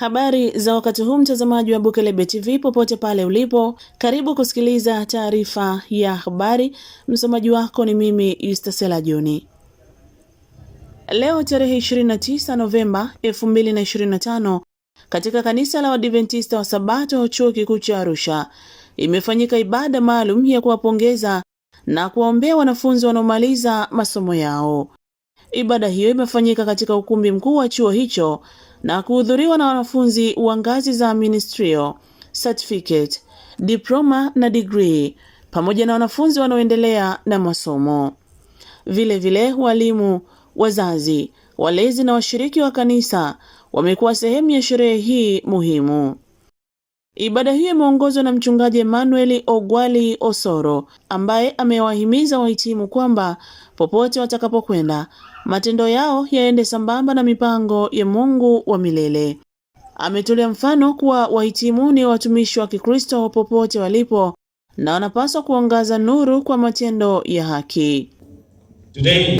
Habari za wakati huu, mtazamaji wa Bukelebe TV popote pale ulipo, karibu kusikiliza taarifa ya habari. Msomaji wako ni mimi Yustasela Joni. Leo tarehe 29 Novemba 2025 katika kanisa la Wadventista wa Sabato chuo kikuu cha Arusha imefanyika ibada maalum ya kuwapongeza na kuwaombea wanafunzi wanaomaliza masomo yao. Ibada hiyo imefanyika katika ukumbi mkuu wa chuo hicho na kuhudhuriwa na wanafunzi wa ngazi za ministrio, certificate, diploma na degree pamoja na wanafunzi wanaoendelea na masomo. Vilevile, walimu, wazazi, walezi na washiriki wa kanisa wamekuwa sehemu ya sherehe hii muhimu. Ibada hiyo imeongozwa na Mchungaji Emmanuel Ogwali Osoro ambaye amewahimiza wahitimu kwamba popote watakapokwenda matendo yao yaende sambamba na mipango ya Mungu wa milele. Ametolea mfano kuwa wahitimu ni watumishi wa Kikristo popote walipo na wanapaswa kuongaza nuru kwa matendo ya haki. Today,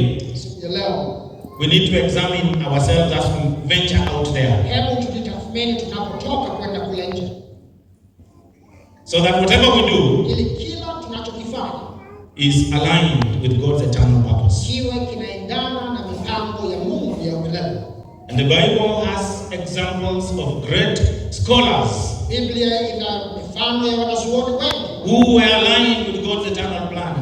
we need to examine ourselves as we venture out there. Hebu tujitathmini tunapotoka kwenda So that whatever we do ili kila tunachokifanya is aligned with God's eternal purpose. Kiwe kinaendana na mipango ya Mungu ya milele. And the Bible has examples of great scholars. Biblia ina mifano ya wanazuoni wengi who were aligned with God's eternal plan.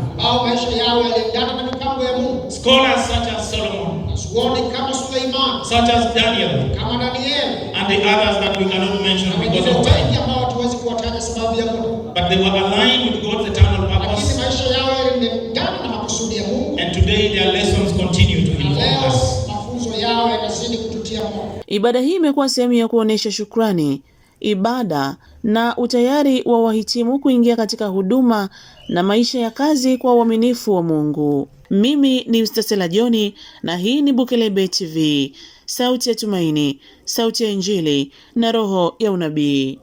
Maisha yao yaliendana na mipango ya Mungu. Scholars such as Solomon. Wanazuoni kama Suleiman, such as Daniel, kama Daniel, and the others that we cannot mention because of time, ambao hatuwezi kuwataja sababu ya muda, but they were aligned with God's eternal purpose, lakini maisha yao yalilingana na makusudi ya Mungu, and today their lessons continue to inform us. Mafunzo yao yanazidi kututia moyo. Ibada hii imekuwa sehemu ya kuonesha shukrani ibada na utayari wa wahitimu kuingia katika huduma na maisha ya kazi kwa uaminifu wa Mungu. Mimi ni Mstasela joni na hii ni Bukelebe TV, sauti ya tumaini, sauti ya Injili na roho ya unabii.